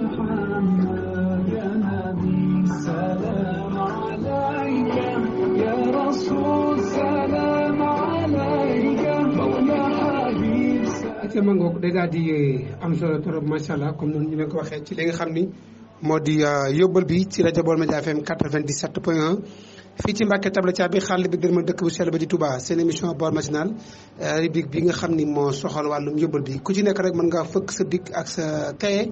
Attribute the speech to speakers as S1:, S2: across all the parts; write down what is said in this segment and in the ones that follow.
S1: ca ma ngoog day daal di euh, am solo trop macha allah comme noonu ñu leen ko waxee ci li nga xam ni moo di euh, yóbbal bi ci rajo Baol Média FM 97 point 1. fii ci Mbàkke tabla caa bi xàll bi ma dëkk bu sell ba di tubaa seen émission Baol Matinale euh, rubrique bi nga xam ni moo soxal wàllum yóbbal bi ku ci nekk rek mën ngaa fëkk sa dikk ak sa kaye.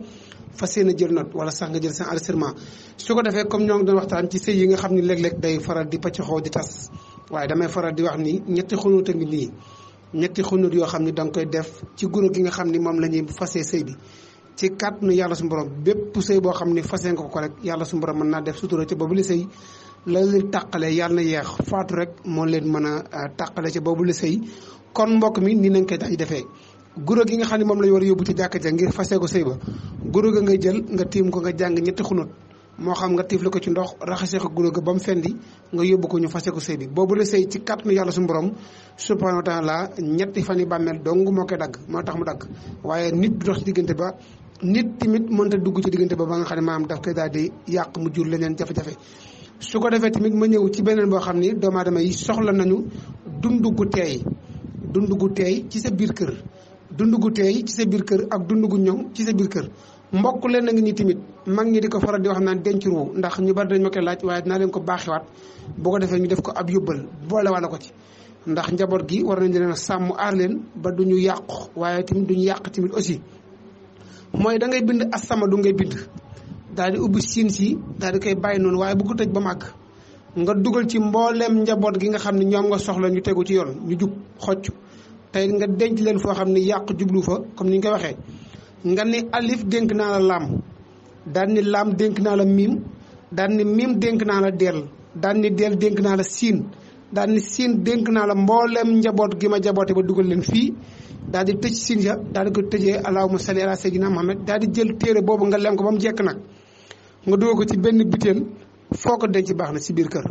S1: fas yéene jël note wala sax nga jël seen enregistrement su ko defee comme ñoo ngi doon waxtaan ci sëy yi nga xam ni léeg-léeg day faral di paccaxoo di tas waaye damay faral di wax ni ñetti xunóot a ngi nii ñetti xunuut yoo xam ni da nga koy def ci guro gi nga xam ni moom la ñuy fasee sëy bi ci kàttanu yàlla su borom bépp sëy boo xam ni fasee nga ko rek yàlla su borom mën naa def sutura ca boobu la sëy la leen tàqale yàlla na yeex faatu rek moo leen mën a euh, tàqale ca boobu la sëy kon mbokk mi ni nañ koy tax defee guro gi nga xam ne moom la war a yóbbu ci jàkka ja ngir fasee ko sëy ba guro ga ngay jël nga tiim ko nga jàng ñetti xunóot moo xam nga tiifle ko ci ndox raxasee ko guro ga ba mu fendi nga yóbbu ko ñu fase ko sëy bi boobu la sëy ci kàttanu yàlla suñu borom subhanahu wa taala ñetti fan yi bàmmeel dong moo koy dagg moo tax mu dagg waaye nit du dox ci diggante ba nit tamit mënta dugg ci diggante ba ba nga xam ne maanaam daf koy daal di yàq mu jur leneen jafe su ko defee tamit ma ñëw ci beneen boo xam ni doomu aadama yi soxla nañu dundu gu teey dundu gu teey ci sa biir kër dund gu teey ci sa biir kër ak dund gu ñoŋ ci sa biir kër mbokk leen na ngi ni tamit mag ñi di ko faral di wax naan denc ruu ndax ñu bari dañ ma koy laaj waaye dinaa leen ko baaxiwaat boo ko defee ñu def ko ab yóbbal boolewaale ko ci ndax njaboot gi war nañ leen sàmm aar leen ba du ñu yàqu waaye tamit du ñu yàq tamit aussi mooy da ngay bind asama du ngay bind daal di ubbi siin si daal di koy bàyyi noonu waaye bu ko tëj ba màgg nga dugal ci mbooleem njaboot gi nga xam ne ñoom nga soxla ñu tegu ci yoon ñu jub xocc tey nga denc leen foo xam ne yàq jublu fa comme ni ñu waxee nga ne alif dénk naa la laam dal ni laam dénk naa la miim daan ni miim dénk naa la dell daan ni dell dénk naa la siin daan ni siin dénk naa la mboolem njaboot gi ma jaboote ba dugal leen fii daal di tëj siin ja daal di ko tëjee allahumma salli ala sayyidina Muhammad daal di jël téere boobu nga lem ko ba mu jekk nag nga dugal ko ci benn butéel foo ko denc baax na si biir kër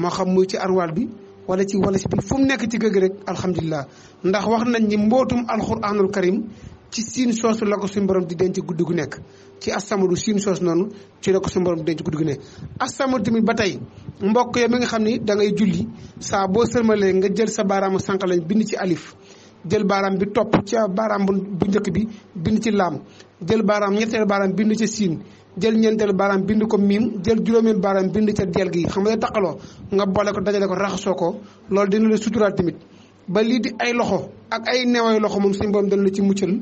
S1: moo xam muy ci arwaal bi wala ci wala ci bi fu mu nekk ci gëgg rek alhamdulilah ndax wax nañ ni mbootum alquranul karim ci siin soosu la ko suñu borom di denc guddi gu nekk ci asamadu siin soos noonu ci la ko suñu borom di denc guddi gu nekk asamadu tamit ba tey mbokk yo mi nga xam ni da ngay julli saa boo sërmalee nga jël sa baaraamu sànq bind ci alif jël baaraam bi topp ca baaraam bu njëkk bi bind ci laam jël baaraam ñetteelu baaraam bind ca siin jël ñeenteelu baaraam bind ko miim jël juróomeel baaraam bind ca deel gi xam nga taqaloo nga boole ko dajale ko raxasoo ko loolu dina la suturaal tamit ba lii di ay loxo ak ay neeway loxo moom suñu borom dana la ci muccal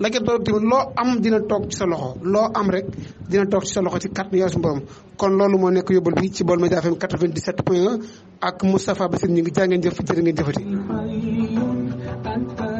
S1: la ca doon tamit loo am dina toog ci sa loxo loo am rek dina toog ci sa loxo ci kàttan yàlla suñu kon loolu moo nekk yóbbal bi ci Baol Médias FM 97 point 1 ak Moustapha Bassir ñu ngi jàngeen jëf jërë ngeen tan tan